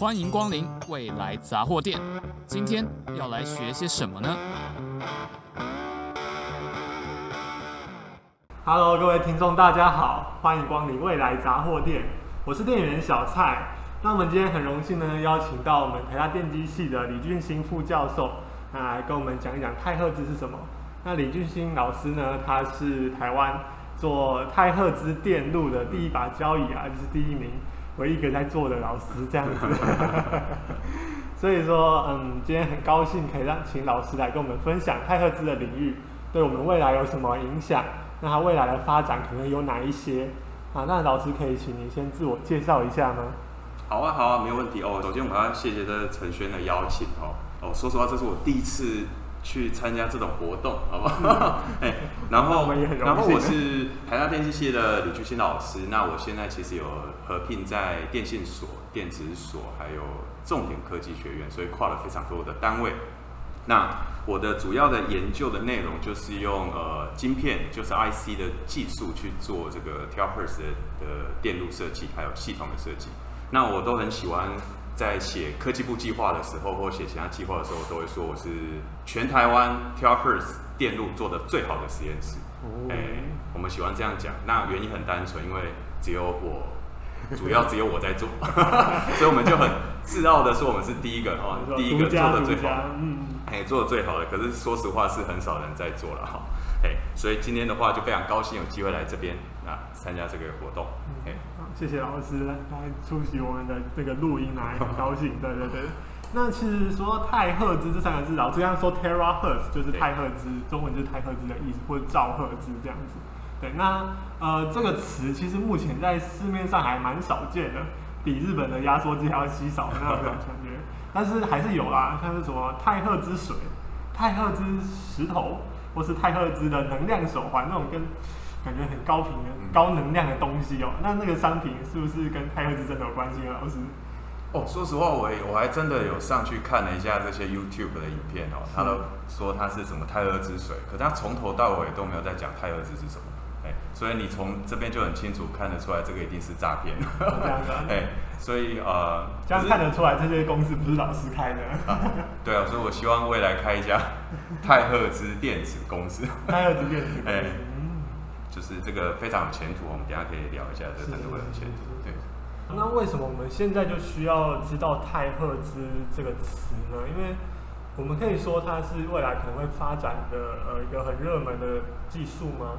歡迎光臨未來雜貨店。今天要來學些什麼呢？Hello，各位聽眾，大家好，歡迎光臨未來雜貨店。我是店員小蔡。那我們今天很榮幸呢，邀請到我們台大電機系的李俊興副教授，來跟我們講一講太赫茲是什麼。那李俊興老師呢，他是台灣做太赫茲電路的第一把交椅啊，嗯，就是第一名。唯一一個在做的老師這樣子， 所以說，嗯，今天很高興可以讓請老師來跟我們分享太赫茲的領域對我們未來有什麼影響，那他未來的發展可能有哪一些啊？那老師可以請您先自我介紹一下嗎？好啊，好啊，沒有問題哦。首先我們要謝謝這陳軒的邀請哦。哦，說實話，這是我第一次去參加這種活動，好不好？嗯 欸然後，然後我是台大電機系的李俊興老師。 那我現在其實有合聘在電信所、電子所，還有重點科技學院，所以跨了非常多的單位。那我的主要的研究的內容就是用呃晶片，就是 IC 的技術去做這個 Terahertz 的電路設計，還有系統的設計。那我都很喜歡在寫科技部計劃的時候，或寫其他計劃的時候，我都會說我是全台灣 Terahertz 電路做的最好的實驗室，哎、哦欸，我們喜歡這樣講。那原因很單純，因為只有我，主要只有我在做， 所以我們就很自傲地說我們是第一個哦，第一個做的最好的，哎、嗯欸，做的最好的。可是說實話是很少人在做了哈，哎、哦欸，所以今天的話就非常高興有機會來這邊啊參加這個活動。哎、欸，好、嗯，謝謝老師來，來出席我們的這個錄音來很高興， 對對對。那其實說太赫茲這三個字，老師剛說 Terahertz 就是太赫茲，對中文就是太赫茲的意思，或者兆赫茲這樣子。對，那呃這個詞其實目前在市面上還蠻少見的，比日本的壓縮機還要稀少那種、個、感覺。 但是還是有啦、啊，像是什麼太赫茲水、太赫茲石頭，或是太赫茲的能量手環，那種跟感覺很高頻、嗯、高能量的東西哦。那那個商品是不是跟太赫茲真的有關係呢？老師？哦，說實話，我我還真的有上去看了一下這些 YouTube 的影片哦，是他都說他是什麼太赫茲水，可他從頭到尾都沒有在講太赫茲是什麼，所以你從這邊就很清楚看得出來，這個一定是詐騙。哈、啊啊、哎，所以呃，這樣看得出來，是這,得出來這些公司不是老師開的、啊。對啊，所以我希望未來開一家太赫茲電子公司。太赫茲電子。電池公司哎，嗯、就是這個非常有前途，我們等下可以聊一下，這個真的會很前途。對。是是是對那為什麼我們現在就需要知道太赫茲這個詞呢？因為我們可以說它是未來可能會發展的呃一個很熱門的技術嗎？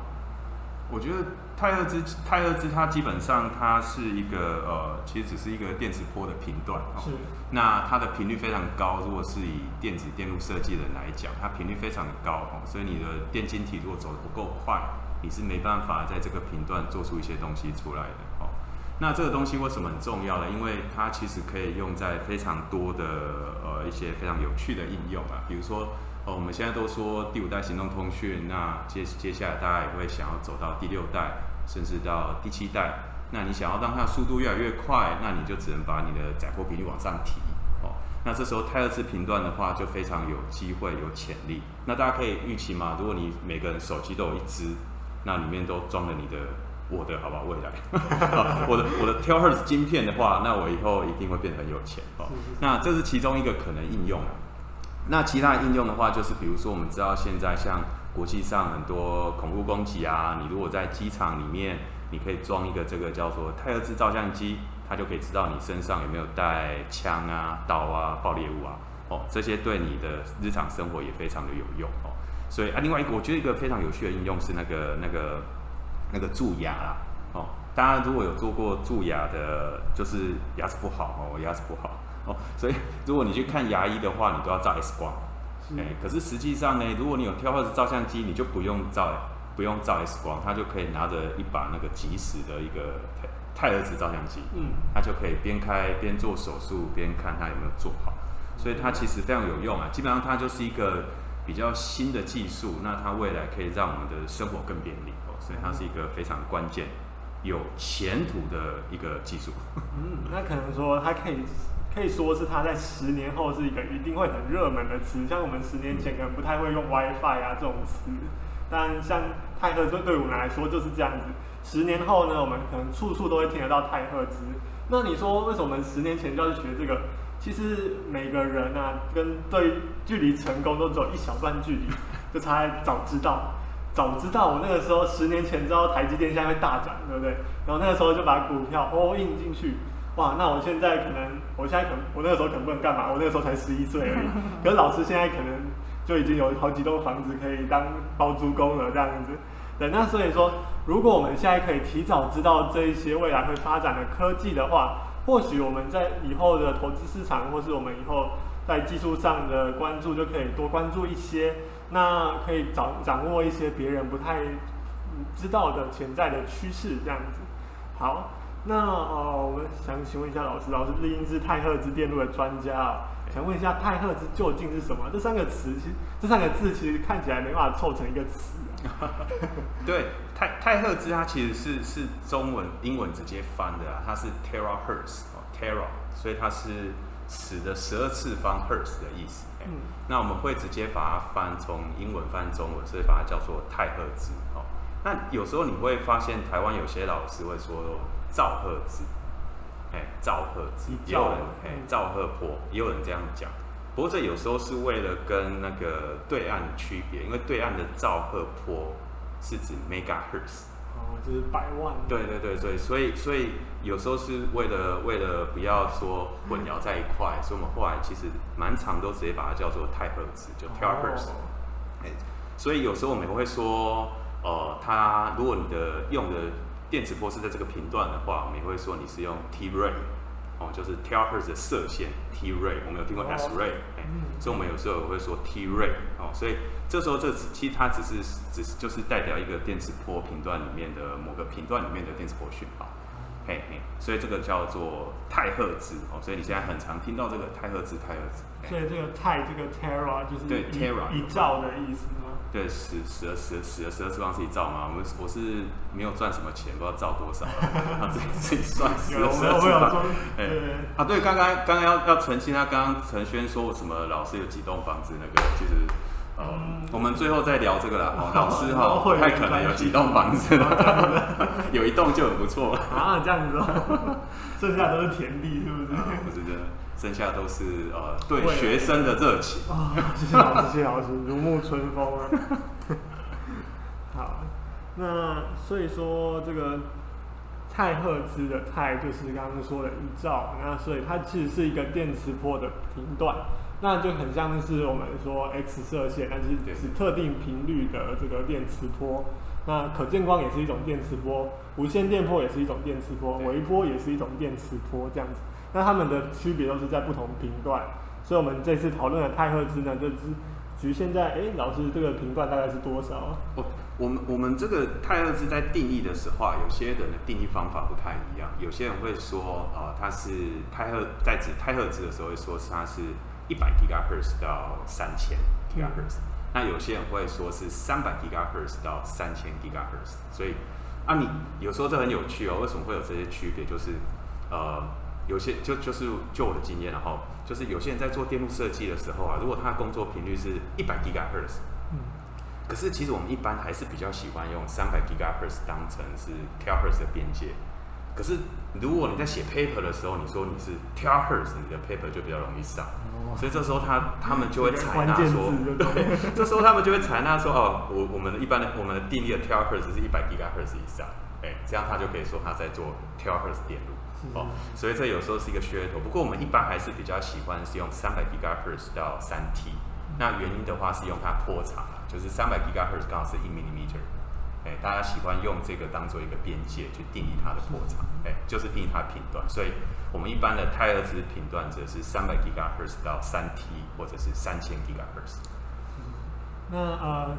我覺得太赫茲，太赫茲它基本上，它是一個呃其實只是一個電磁波的頻段哦。是。那它的頻率非常高，如果是以電子電路設計的人來講，它頻率非常的高哦，所以你的電晶體如果走得不夠快，你是沒辦法在這個頻段做出一些東西出來的哦。那這個東西為什麼很重要呢？因為它其實可以用在非常多的呃一些非常有趣的應用啊，比如說，呃我們現在都說第五代行動通訊，那接接下來大家也會想要走到第六代，甚至到第七代。那你想要讓它速度越來越快，那你就只能把你的載波頻率往上提哦。那這時候太赫茲頻段的話，就非常有機會有潛力。那大家可以預期嘛，如果你每個人手機都有一支，那裡面都裝了你的。我的好不好，問一下。 我的我的太赫茲晶片的話，那我以後一定會變得很有錢哦。是是是，那這是其中一個可能應用。那其他應用的話，就是比如說我們知道現在像國際上很多恐怖攻擊啊，你如果在機場裡面，你可以裝一個這個叫做太赫茲照相機，它就可以知道你身上有沒有帶槍啊、刀啊、爆裂物啊。哦，這些對你的日常生活也非常的有用哦。所以啊，另外一個我覺得一個非常有趣的應用是那個那個。那個蛀牙啊，哦，大家如果有做過蛀牙的，就是牙齒不好哦，牙齒不好哦，所以如果你去看牙醫的話，你都要照 X 光，哎、嗯欸，可是實際上呢，如果你有太赫茲照相機，你就不用照，不用照 X 光，他就可以拿着一把那個即時的一個太、太赫茲照相機，嗯，他、嗯、就可以邊開邊做手術，邊看他有沒有做好，所以它其實非常有用啊，基本上它就是一個比較新的技術，那它未來可以讓我們的生活更便利。所以它是一個非常關鍵、有前途的一個技術。嗯，那可能說它可以可以說是它在十年後是一個一定會很熱門的詞。像我們十年前可能不太會用 WiFi 啊這種詞，但像太赫茲對我們來說就是這樣子。十年後呢，我們可能處處都會聽得到太赫茲。那你說為什麼我們十年前就要去學這個？其實每個人啊，跟對距離成功都只有一小段距離， 就差早知道。早知道我那個時候十年前知道台積電現在會大漲，對不對？然後那個時候就把股票 all in 進去，哇！那我現在可能，我現在可能我那個時候可能不能幹嘛，我那個時候才十一歲，可是老師現在可能就已經有好幾棟房子可以當包租公了這樣子。對，那所以說，如果我們現在可以提早知道這一些未來會發展的科技的話，或許我們在以後的投資市場，或是我們以後在技術上的關注，就可以多關注一些。那可以掌掌握一些別人不太知道的潛在的趨勢，這樣子。好，那、哦、我想請問一下老師，老師英是不是應該是太赫茲電路的專家啊？想問一下，太赫茲究竟是什麼？這三個詞，其實這三個字其實看起來沒辦法湊成一個詞、啊。 對，太太赫茲它其實是是中文英文直接翻的、啊、它是 tera、ah、hertz 哦，tera，所以它是，十的十二次方赫茲的意思，嗯、那我們會直接把它翻從英文翻中文，所以把它叫做太赫茲。哦，那有時候你會發現台灣有些老師會說兆赫茲，哎、欸，兆赫茲，噪也有人哎兆、嗯欸、赫坡，也有人這樣講。不過這有時候是為了跟那個對岸區別，因為對岸的兆赫坡是指 mega hertz。哦，就是百萬。對對對對，所以所以有時候是為了為了不要說混淆在一塊，嗯、所以我們後來其實蠻常都直接把它叫做太赫茲，就 terahertz 哎，所以有時候我們也會說，呃，它，如果你的用的電磁波是在這個頻段的話，我們也會說你是用 T-ray。哦，就是 Terahertz 的射線，T ray，我們有聽過 S,、oh. S, X ray，、欸 mm hmm. 所以我們有時候會說 T ray，哦，所以這時候這只其實它只是只是就是代表一個電磁波頻段裡面的某個頻段裡面的電磁波訊號。哦。欸欸、所以這個叫做太赫茲哦、喔，所以你現在很常聽到這個太赫茲、太赫茲。所以這個太這個 tera 就是對 tera 一兆的意思嗎？對，十十的十十的十的十二次方自己造嗎？我們我是沒有賺什麼錢，不知道造多少、啊 啊，自己自己算十兆。哎有，十二次方啊，對，剛剛剛剛要要澄清，他剛剛陳軒說我什麼老師有幾棟房子，那個其、就、實、是。哦，呃嗯、我們最後再聊這個啦，哦、老師哈，啊哦、太可能有幾棟房子、哦、 有一棟就很不錯啊，這樣子、哦，剩下都是田地是不是？不是的，剩下都是呃，對學生的熱情啊，謝謝老師，謝謝老師， 如沐春風啊。 好，那所以說這個太赫茲的太就是剛剛說的一兆，那所以它其實是一個電磁波的頻段。那就很像是我們說 X 射線，但是也是特定頻率的這個電磁波。那可見光也是一種電磁波，無線電波也是一種電磁波，對微波也是一種電磁波，這樣子。那它們的區別都是在不同頻段。所以，我們這次討論的太赫茲呢，就是局限在哎、欸，老師，這個頻段大概是多少？我我們我們這個太赫茲在定義的時候啊，有些人的定義方法不太一樣。有些人會說啊、呃，它是太赫，在指太赫茲的時候會說是它是。一百 GHz 到三千 GHz，那有些人會說是三百 GHz 到三千 GHz，所以啊，你有時候這很有趣哦，為什麼會有這些區別？就是呃，有些就就是就我的經驗，然後就是有些人在做電路設計的時候啊，如果他的工作頻率是一百 GHz，嗯，可是其實我們一般還是比較喜歡用三百 GHz 當成是 Terahertz 的邊界。可是，如果你在寫 paper 的時候，你說你是 terahertz 你的 paper 就比較容易上。哦、所以這時候他他們就會採納說對，這時候他們就會採納說 哦，我我們一般的我們定力的定義的 terahertz 是一百 gigahertz 以上，哎，這樣他就可以說他在做 terahertz 電路。的哦，所以這有時候是一個噱頭。不過我們一般還是比較喜歡是用三百 gigahertz 到三 T、嗯。那原因的話是用它波長了，就是三百 gigahertz 剛好是一 millimeter。大家喜歡用這個當做一個邊界，去定義它的波長。嗯、哎,就是定義它的頻段。所以，我們一般的太赫茲頻段則是三百吉赫茲到三 T，或者是三千吉赫茲。那呃，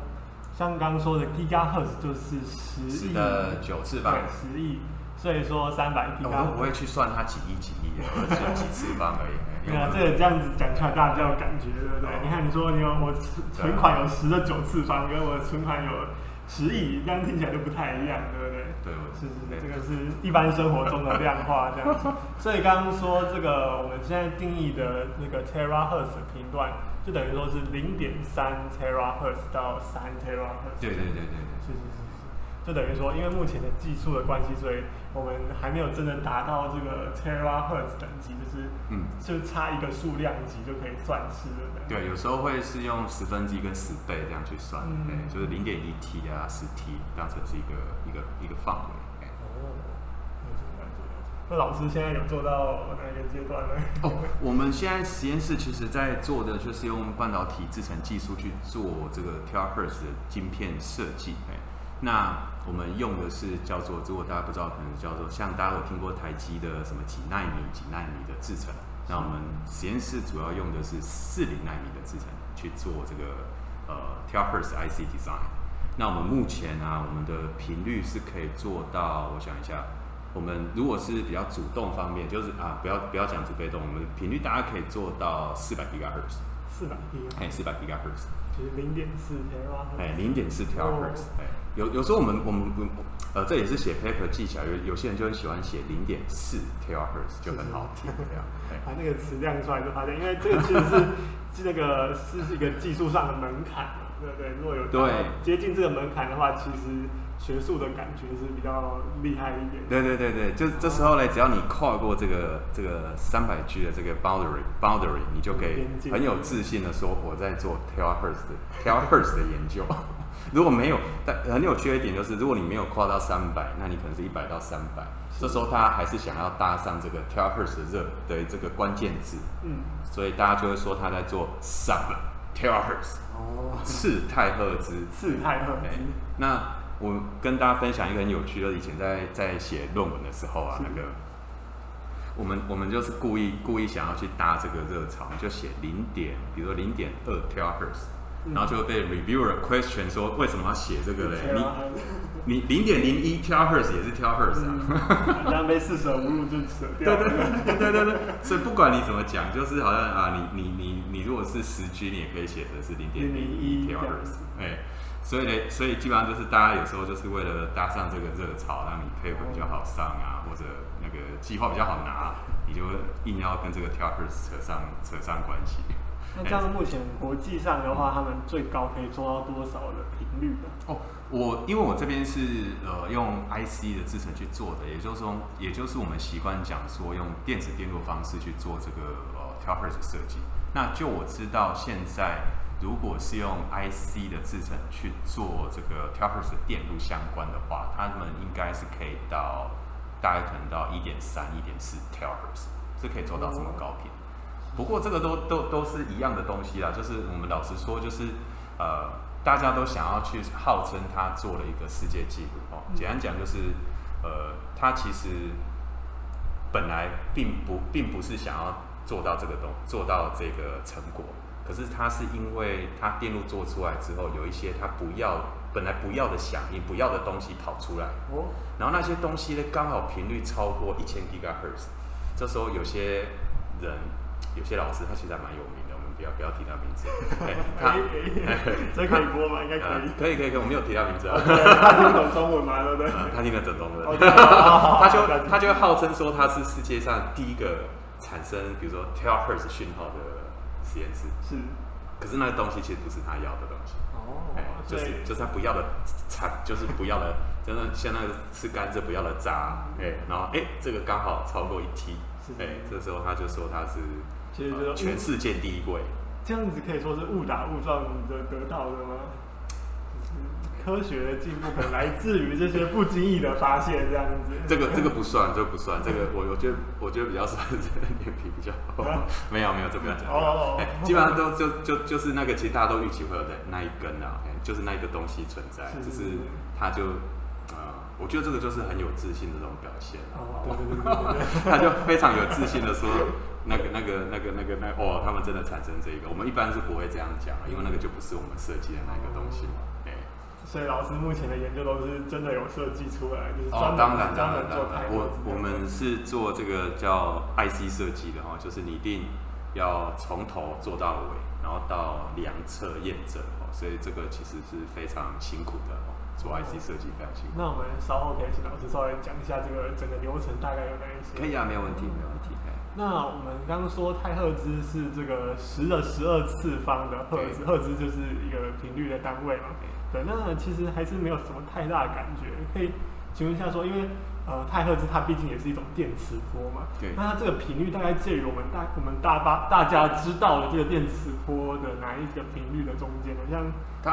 像剛剛說的，吉赫茲就是十的九次方，十億。所以說三百吉，我都不會去算它幾億、幾億的， 只有幾次方而已。對看 這這樣子講出來，大家有感覺，對不對？哦、你看你說你我存存款有十的九次方，跟我存款有。對十億，這樣聽起來就不太一樣，對不對？對，是是，對這個是一般生活中的量化這樣子。 所以剛剛說這個，我們現在定義的那個 terahertz 的頻段，就等於說是零點三 terahertz 到三 terahertz。對對對對對，是是是。就等於說，因為目前的技術的關係，所以我們還沒有真的達到這個 terahertz 等級，就是嗯，就差一個數量級就可以算是對，對，有時候會是用十分之一跟十倍這樣去算，哎、嗯，就是零點一 T 啊，十 T 當成是一個一個一個範圍。哦，那，那老師現在有做到哪一個階段呢？哦，我們現在實驗室其實在做的就是用半導體製程技術去做這個 terahertz 的晶片設計，哎，那。我們用的是叫做，如果大家不知道，可能叫做像大家有聽過台積的什麼幾奈米、幾奈米的製程，那我們實驗室主要用的是四零奈米的制程去做這個呃 terahertz IC design。那我們目前啊，我們的頻率是可以做到，我想一下，我們如果是比較主動方面，就是啊，不要不要講主被動，我們頻率大概可以做到四百吉赫茲。四百吉。哎，四百吉赫茲。其實零點四 terahertz。哎，零點四 terahertz 哎。有有時候我們我們不，呃，這也是寫 paper 技巧，有有些人就很喜歡寫零點四 terahertz，就很好聽，把那個詞亮出來就發現，因為這個其實是， 是那個是一個技術上的門檻，對不對？如果有對接近這個門檻的話，其實學術的感覺是比較厲害一點。對對對對，就這時候呢，嗯、只要你跨過這個這個三百 G 的這個 boundary、嗯、boundary，你就可以很有自信的說我在做 terahertz 的 terahertz 的研究。如果沒有，但很有趣的一點就是，如果你沒有跨到三百，那你可能是一百到三百是，這時候大家還是想要搭上這個 terahertz 熱的這個關鍵字，嗯，所以大家就會說他在做 sub terahertz，哦，次太赫茲，次太赫茲。那我跟大家分享一個很有趣，的，以前在在寫論文的時候啊，是那個我們我們就是故意故意想要去搭這個熱潮，就寫零點，比如說零點二 terahertz。然後就被 reviewer question 說，為什麼要寫這個嘞？嗯、你、嗯、你零點零一 terahertz 也是 terahertz 啊？浪費、嗯 啊、四捨五入就扯掉。對對對對對。 所以不管你怎麼講，就是好像啊，你你你你，你你你如果是十 G，你也可以寫的是零點零一 terahertz 哎對，對所以呢，所以基本上就是大家有時候就是為了搭上這個熱潮，讓你配合比較好上啊，或者那個計劃比較好拿，你就硬要跟這個 terahertz 扯上扯上關係。那這樣目前國際上的話，嗯、他們最高可以做到多少的頻率呢？哦，我因為我這邊是呃用 IC 的製程去做的，也就是說，也就是我們習慣講說用電子電路方式去做這個、呃、THz 的設計。那就我知道，現在如果是用 IC 的製程去做這個 THz 電路相關的話，他們應該是可以到大概可能到一點三、一點四 THz，是可以做到這麼高頻。哦不過這個都都都是一樣的東西啦，就是我們老實說，就是呃，大家都想要去號稱他做了一個世界紀錄哦。簡單講就是，呃，他其實本來並不並不是想要做到這個東做到這個成果，可是他是因為他電路做出來之後，有一些他不要本來不要的響應不要的東西跑出來哦，然後那些東西呢剛好頻率超過一千吉赫茲，這時候有些人。有些老師他其實還蠻有名的，我們不要不要提他名字。可以可以，可以播嗎？應該可以可以可以，我沒有提他名字。懂中文嗎？對不對，他聽得懂中文。他就他就號稱說他是世界上第一個產生比如說 terahertz 訊號的實驗室。是。可是那個東西其實不是他要的東西。哦。就是就是他不要的產，就是不要的，真的像那個吃甘蔗不要的渣，哎，然後哎這個剛好超過一 T，哎，這時候他就說他是。其實就呃、全世界第一貴，這樣子可以說是誤打誤撞的得到的，就是，科學的進步可能來自於這些不經意的發現，這樣子。 這個、這個、這個不算，這個不算，這個我我覺得我覺得比較算， 臉皮比較厚。啊、沒有沒有，這麼樣講？哦，哎、欸，哦、基本上都就就就是那個，其實大家都預期會有的那一根啊、欸，就是那個東西存在，是是是只是它就、呃、我覺得這個就是很有自信的這種表現、啊哦。對、對、對、對 他就非常有自信的說。 那個、對那個、那個、那個、那個、那哦，他們真的產生這個，我們一般是不會這樣講，因為那個就不是我們設計的那個東西嘛，對。所以老師目前的研究都是真的有設計出來，就是然、哦、當然當然，當然。我我們是做這個叫 IC 設計的哈，就是你一定要從頭做到尾，然後到量測驗證，所以這個其實是非常辛苦的。做 IC 設計比，那我們稍後可以請老師稍微講一下這個整個流程大概有哪一些？可以啊，沒有問題，沒有問題。那我們剛說太赫茲是這個十的十二次方的赫茲，對赫茲就是一個頻率的單位嘛？對，那其實還是沒有什麼太大的感覺。可以請問一下說，因為。呃，太赫茲它畢竟也是一種電磁波嘛，對。那它這個頻率大概介於我們大我們大巴大家知道的這個電磁波的哪一個頻率的中間呢？像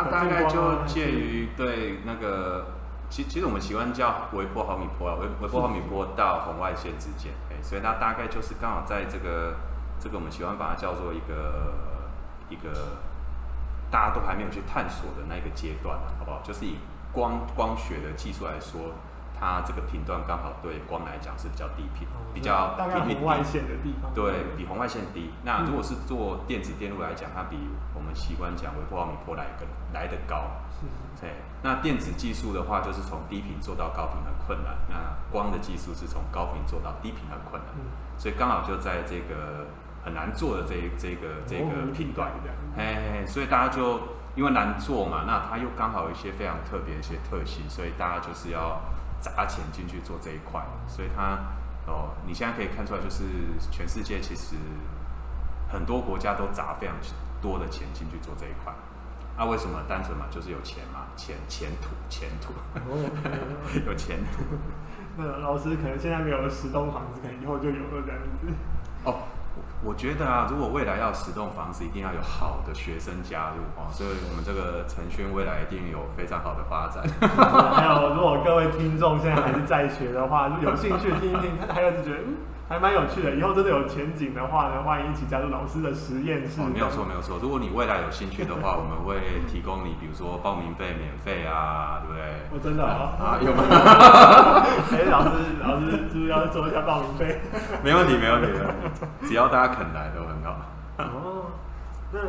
它大概就介於對、嗯、那個，其其實我們習慣叫微波、毫米波啊，微波、毫米波到紅外線之間，哎是、欸，所以它大概就是剛好在這個這個我們喜歡把它叫做一個一個大家都還沒有去探索的那個階段、啊、好不好？就是以光光學的技術來說。它這個頻段剛好對光來講是比較低頻，比較大概紅外線的地方，對，比紅外線低。那如果是做電子電路來講，它比我們習慣講微波毫米波來更來得高。對，那電子技術的話，就是從低頻做到高頻很困難。那光的技術是從高頻做到低頻很困難，所以剛好就在這個很難做的這這個這個頻段，哎，所以大家就因為難做嘛，那它又剛好有一些非常特別的一些特性，所以大家就是要。砸錢進去做這一塊，所以他哦，你現在可以看出來，就是全世界其實很多國家都砸非常多的錢進去做這一塊。那、啊、為什麼？單純嘛，就是有錢嘛，錢前途前途，有錢途 那老師可能現在沒有十棟房子，可能以後就有了這樣子。哦。Oh. 我覺得啊，如果未來要十棟房子，一定要有好的學生加入啊，所以我們這個成軒未來一定有非常好的發展。還有，如果各位聽眾現在還是在學的話，有興趣聽一聽，還有覺得。嗯還蠻有趣的，以後真的有前景的話呢，歡迎一起加入老師的實驗室。哦。沒有錯，沒有錯。如果你未來有興趣的話， 我們會提供你，比如說報名費免費啊， 對不對？我真的好好、哎、啊啊有嗎？哎， 欸，老師，老師是不、就是要做一下報名費？ 沒問題，沒問題。只要大家肯來都很好。 哦，那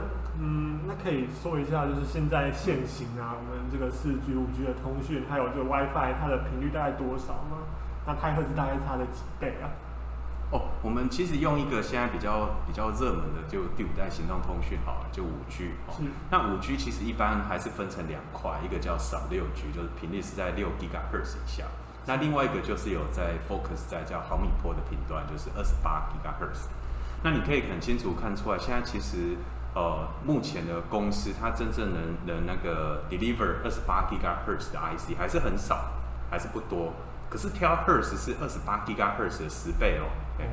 嗯，那可以說一下，就是現在現行啊，我們這個四 G、五 G 的通訊，還有這個 WiFi，它的頻率大概多少嗎？那太赫茲大概是它的幾倍啊？哦，oh, 我們其實用一個現在比較比較熱門的，就第五代行動通訊，好了，就五 G 是。哦，那五 G 其實一般還是分成兩塊，一個叫少六 G，就是頻率是在六 GHz 以下；那另外一個就是有在 focus 在叫毫米波的頻段，就是二十八 GHz。那你可以很清楚看出來，現在其實呃，目前的公司它真正能能那個 deliver 二十八 GHz 的 IC 還是很少，還是不多。可是挑 GHz 是二十八 GHz 的十倍哦。Okay.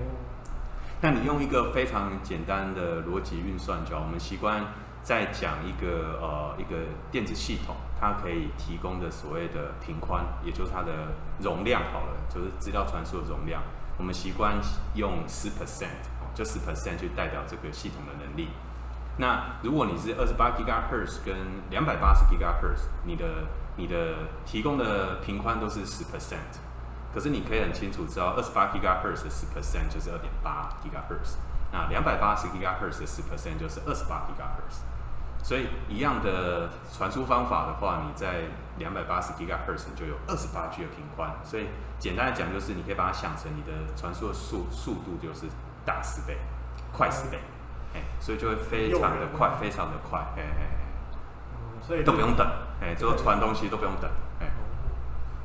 那你用一個非常簡單的邏輯運算，就好。我們習慣在講一個呃一個電子系統，它可以提供的所謂的頻寬，也就是它的容量好了，就是資料傳輸的容量。我們習慣用十 percent，就十 percent，就代表這個系統的能力。那如果你是二十八 gigahertz 跟兩百八十 gigahertz，你的你的提供的頻寬都是十 percent。可是你可以很清楚知道28的，二十八吉赫茲的10 percent 就是二點八吉赫茲。那兩百八十吉赫茲的10 percent 就是二十八吉赫茲。所以一樣的傳輸方法的話，你在兩百八十吉赫茲就有二十八 G 的頻寬。所以簡單來講，就是你可以把它想成你的傳輸的速速度就是大十倍，快十倍，哎、啊欸，所以就會非常的快，啊、非常的快，哎、欸欸、所以都不用等，哎、欸，就後傳東西都不用等，哎、欸，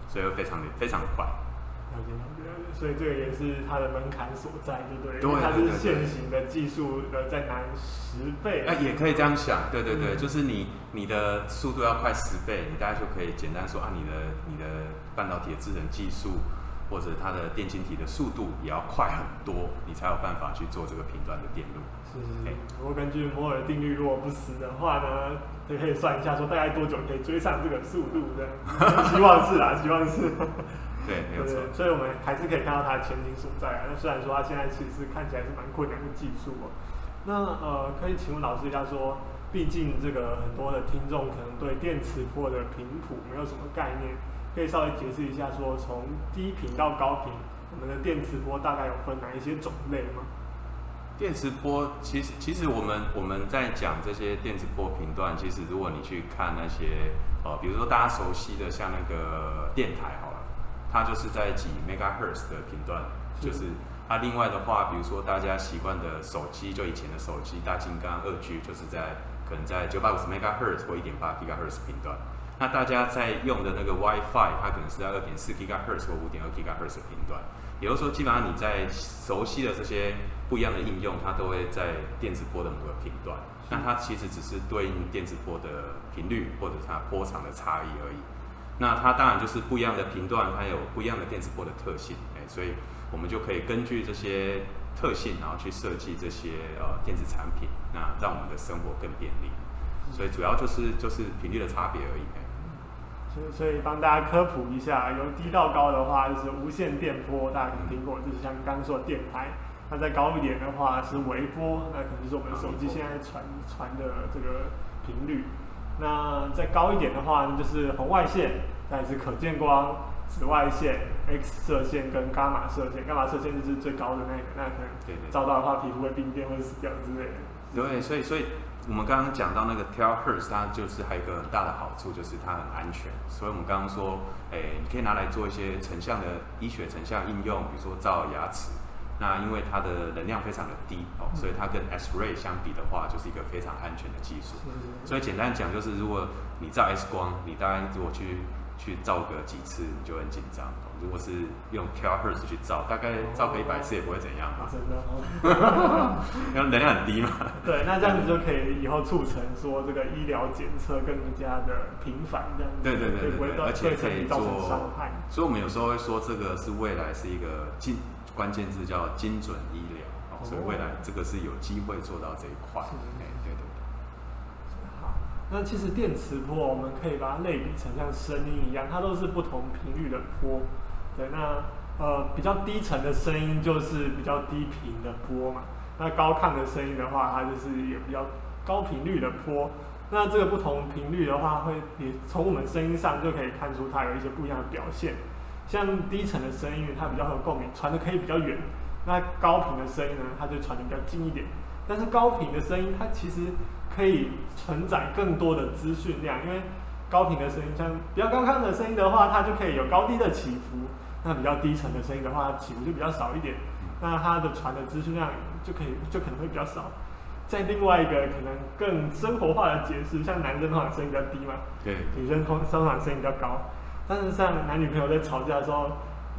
所以會非常的非常的快。所以這個也是它的門檻所在，對不對？對對對對，因為它是現行的技術的再難十倍。哎、呃，也可以這樣想，對對對，嗯、就是你你的速度要快十倍，你大概就可以簡單說啊，你的你的半導體的製程技術或者它的電晶體的速度也要快很多，你才有辦法去做這個頻段的電路。是，是嘿，是，如果根據摩爾定律，如果不死的話呢，可以算一下說，說大概多久可以追上這個速度的？希望是啦、啊 啊，希望是、啊。對，對對沒有錯，所以我們還是可以看到它的前景所在啊。那雖然說它現在其實是看起來是蠻困難的技術哦、啊。那呃，可以請問老師一下說，說畢竟這個很多的聽眾可能對電磁波的頻譜沒有什麼概念，可以稍微解釋一下說，說從低頻到高頻，我們的電磁波大概有分哪一些種類嗎？電磁波其實，其實我們我們在講這些電磁波頻段，其實如果你去看那些呃，比如說大家熟悉的像那個電台哈。它就是在幾 megahertz 的頻段，是就是它，啊、另外的話，比如說大家習慣的手機，就以前的手機大金剛二 G，就是在可能在九百五十 megahertz 或一點八 gigahertz 頻段。那大家在用的那個 WiFi，它可能是在二點四 gigahertz 或五點二 gigahertz 的頻段。也就是說，基本上你在熟悉的這些不一樣的應用，它都會在電磁波的某個頻段。是那它其實只是對應電磁波的頻率或者它波長的差異而已。那它當然就是不一樣的頻段，它有不一樣的電磁波的特性，欸，所以我們就可以根據這些特性，然後去設計這些呃電子產品，那讓我們的生活更便利。所以主要就是就是頻率的差別而已，欸。所以所以幫大家科普一下，由低到高的話，就是無線電波，大家可能聽過，嗯，就是像剛剛說的電台。那再高一點的話是微波，那可能就是我們手機現在傳波傳的這個頻率。那再高一點的話，那就是紅外線，但是可見光、紫外線、是 X 射線跟伽馬射線。伽馬射線就是最高的那個，那可能對對，照到的話，皮膚會病變，會死掉之類的。對，對，對，所以所以我們剛剛講到那個 Terahertz，它就是還有一個很大的好處，就是它很安全。所以我們剛剛說，哎，你可以拿來做一些成像的醫學成像應用，比如說照牙齒。那因為它的能量非常的低哦，嗯、所以它跟 X-ray 相比的話，就是一個非常安全的技術。對對對所以簡單講就是，如果你照 X 光，你大概如果去去照個幾次，你就很緊張、哦。嗯、如果是用 terahertz 去照，大概照個一百次也不會怎樣嘛。真的，因為能量很低嘛。對，那這樣子就可以以後促成說這個醫療檢測更加的頻繁，這樣子。對對而且可以做。傷害。所以我們有時候會說，這個是未來是一個進。關鍵字叫精準醫療，哦哦、所以未來這個是有機會做到這一塊。哎是、嗯，對對對。好，那其實電磁波我們可以把它類比成像聲音一樣，它都是不同頻率的波。對，那呃比較低沉的聲音就是比較低頻的波嘛。那高亢的聲音的話，它就是有比較高頻率的波。那這個不同頻率的話，會也從我們聲音上就可以看出它有一些不一樣的表現。像低沉的聲音，音，它比較有共鳴，傳的可以比較遠。那高頻的聲音呢，它就傳的比較近一點。但是高頻的聲音，它其實可以承載更多的資訊量，因為高頻的聲音，像比較高亢的聲音的話，它就可以有高低的起伏。那比較低沉的聲音的話，起伏就比較少一點。那它的傳的資訊量就可以就可能會比較少。在另外一個可能更生活化的解釋，像男生的話，聲音比較低嘛，對，女生通常聲音比較高。但是像男女朋友在吵架的時候，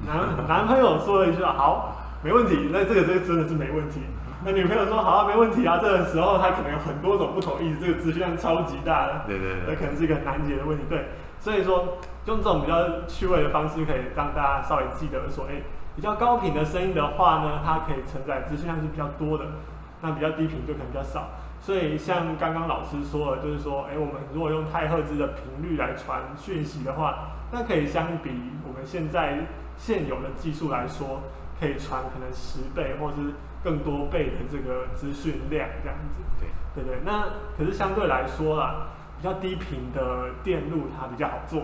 男男朋友說了一句好，沒問題，那這個這個真的是沒問題。那女朋友說好啊，沒問題啊。這個時候他可能有很多種不同意思，這個資訊量超級大的，對，對對，那可能是一個難解的問題。對，所以說用這種比較趣味的方式，可以讓大家稍微記得說，哎、欸，比較高頻的聲音的話呢，它可以承載資訊量是比較多的，那比較低頻就可能比較少。所以像剛剛老師說的，就是說，哎、欸，我們如果用太赫茲的頻率來傳訊息的話，那可以相比我們現在現有的技術來說，可以傳可能十倍或是更多倍的這個資訊量。這樣子，對對不對？那可是相對來說啦、啊，比較低頻的電路它比較好做，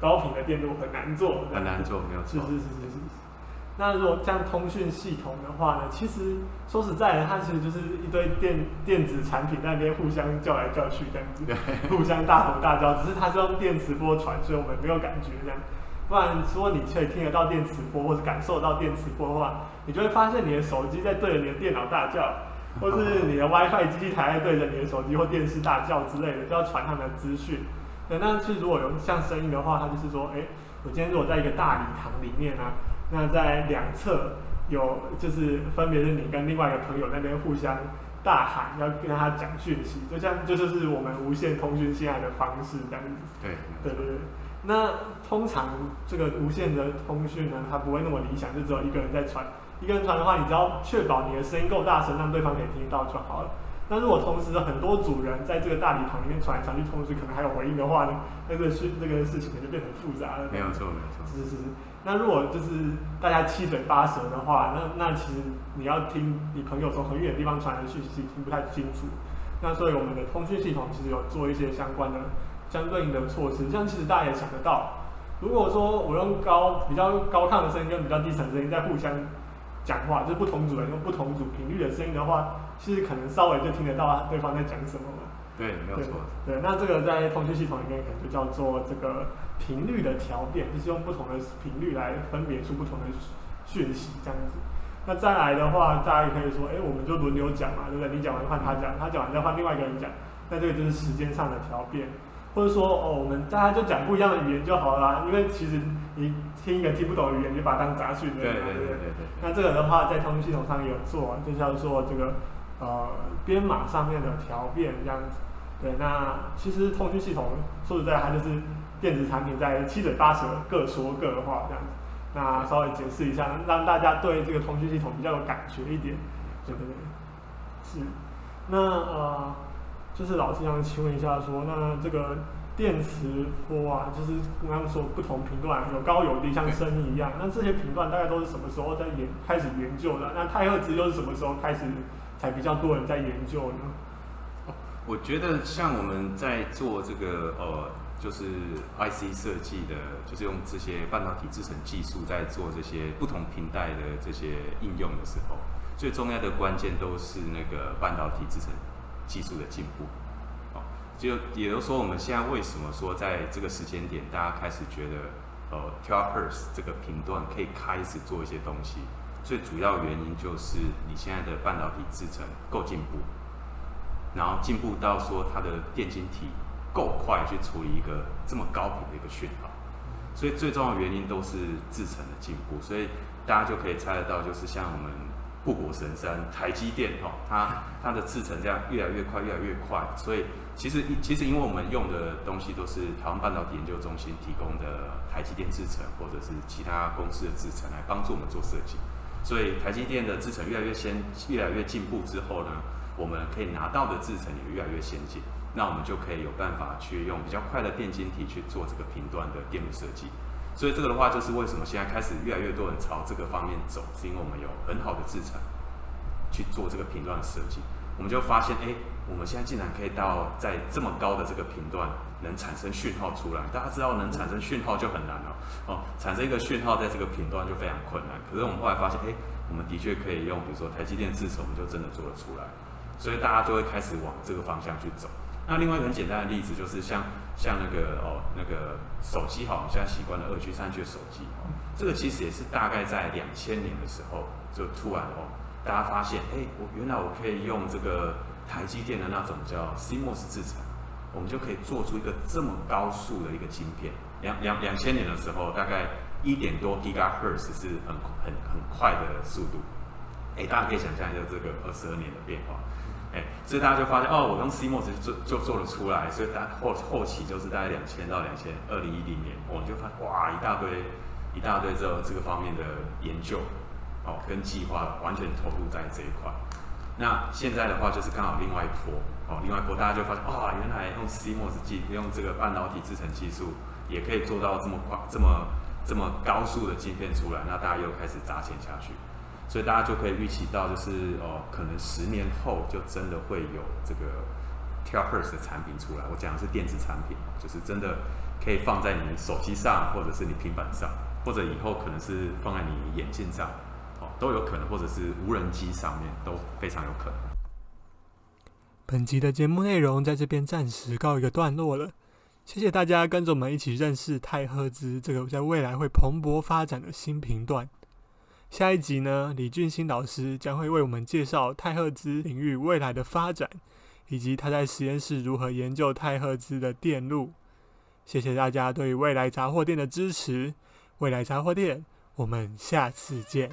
高頻的電路很難做，對對很難做，沒有錯，是，是是是。那如果這樣通訊系統的話呢？其實說實在的，它其實就是一堆電電子產品在那邊互相叫來叫去這樣子，互相大吼大叫。只是它是用電磁波傳，所以我們沒有感覺這樣。不然說你卻聽得到電磁波或者感受到電磁波的話，你就會發現你的手機在對着你的電腦大叫，或是你的 WiFi 基地台在對着你的手機或電視大叫之類的，就要傳他們的資訊。對，那其實如果用像聲音的話，它就是說，哎、欸，我今天如果在一個大禮堂裡面呢、啊。那在兩側有，就是分別是你跟另外一個朋友那邊互相大喊，要跟他講訊息，就像這就是我們無線通訊現在的方式這樣子。對，對對對沒錯。那通常這個無線的通訊呢，它不會那麼理想，就只有一個人在傳，一個人傳的話，你只要確保你的聲音夠大聲，讓對方可以聽得到就好了。那如果同時很多組人在這個大禮堂裡面傳來傳去，同時可能還有回應的話呢，那、這個事這個事情可能就變得很複雜了。沒有錯，沒有錯，是是是。那如果就是大家七嘴八舌的話，那那其實你要聽你朋友從很遠的地方傳來的訊息，聽不太清楚。那所以我們的通訊系統其實有做一些相關的相對應的措施。像其實大家也想得到，如果說我用高比較高亢的聲音跟比較低沉的聲音在互相講話，就是不同組人用不同組頻率的聲音的話，其實可能稍微就聽得到對方在講什麼了。對，沒有錯。對，那這個在通訊系統裡面可能就叫做這個頻率的調變，就是用不同的頻率來分別出不同的訊息這樣子。那再來的話，大家也可以說，哎、欸，我們就輪流講嘛，對不對？你講完換他講，他講完再換另外一個人講，那這個就是時間上的調變。或者說，哦，我們大家就講不一樣的語言就好了啦，因為其實你聽一個聽不懂的語言，你把它當雜訊，對對，對，對，對，對，對，對對？對對對。那這個的話，在通訊系統上也有做，就像說做這個。呃，編碼上面的調變這樣子，對。那其實通訊系統說實在，它就是電子產品在七嘴八舌各說各的話這樣子。那稍微解釋一下，讓大家對這個通訊系統比較有感覺一點，對不對，對？是。那呃，就是老師想請問一下說，說那這個電磁波啊，就是剛剛說不同頻段有高有低，像聲音一樣，那這些頻段大概都是什麼時候在研，開始研究的？那太赫茲又是什麼時候開始？才比較多人在研究呢？我覺得像我們在做這個呃，就是 IC 設計的，就是用這些半導體制成技術在做這些不同頻帶的這些應用的時候，最重要的關鍵都是那個半導體制成技術的進步。哦，就也就是說，我們現在為什麼說在這個時間點，大家開始覺得呃 t e r p h e r t 這個頻段可以開始做一些東西。最主要原因就是你現在的半導體制程夠進步，然後進步到說它的電晶體夠快去處理一個這麼高頻的一個訊號，所以最重要的原因都是制程的進步，所以大家就可以猜得到，就是像我們護國神山台積電哈、哦，它它的制程這樣越來越快，越來越快，所以其實其實因為我們用的東西都是台灣半導體研究中心提供的台積電制程，或者是其他公司的制程來幫助我們做設計。所以台積電的製程越來越先，越來越進步之後呢，我們可以拿到的製程也越來越先進，那我們就可以有辦法去用比較快的電晶體去做這個頻段的電路設計。所以這個的話就是為什麼現在開始越來越多人朝這個方面走，是因為我們有很好的製程去做這個頻段的設計，我們就發現誒，欸我們現在竟然可以到在這麼高的這個頻段能產生訊號出來，大家知道能產生訊號就很難了哦，哦，產生一個訊號在這個頻段就非常困難。可是我們後來發現，哎，我們的確可以用，比如說台積電，製程我們就真的做得出來，所以大家就會開始往這個方向去走。那另外一個很簡單的例子就是像像那個哦那個手機哈、哦，我們現在習慣了 2G、3G 的手機、哦，這個其實也是大概在兩千年的時候就突然哦，大家發現，哎，我原來我可以用這個。台積電的那種叫 CMOS 製程，我們就可以做出一個這麼高速的一個晶片。兩兩兩千年的時候，大概一點多 GHz 是很很很快的速度。誒，大家可以想象一下這個二十二年的變化誒。所以大家就發現，哦，我用 CMOS 做就，就做得出來。所以後後期就是大概兩千到兩千二零一零年，我們就發現哇一大堆一大堆這種這個方面的研究，哦，跟計劃完全投入在這一塊。那現在的話就是剛好另外一波哦，另外一波大家就發現啊、哦，原來用 CMOS 技術用這個半導體製程技術也可以做到這麼快，這麼這麼高速的晶片出來，那大家又開始砸錢下去，所以大家就可以預期到，就是哦，可能十年後就真的會有這個 TeraHertz 的產品出來。我講的是電子產品，就是真的可以放在你手機上，或者是你平板上，或者以後可能是放在你眼鏡上。都有可能，或者是無人機上面都非常有可能。本集的節目內容在這邊暫時告一個段落了，謝謝大家跟着我們一起認識太赫茲這個在未來會蓬勃發展的新頻段。下一集呢，李俊興老師將會為我們介紹太赫茲領域未來的發展，以及他在實驗室如何研究太赫茲的電路。謝謝大家對未來雜貨店的支持，未來雜貨店，我們下次見。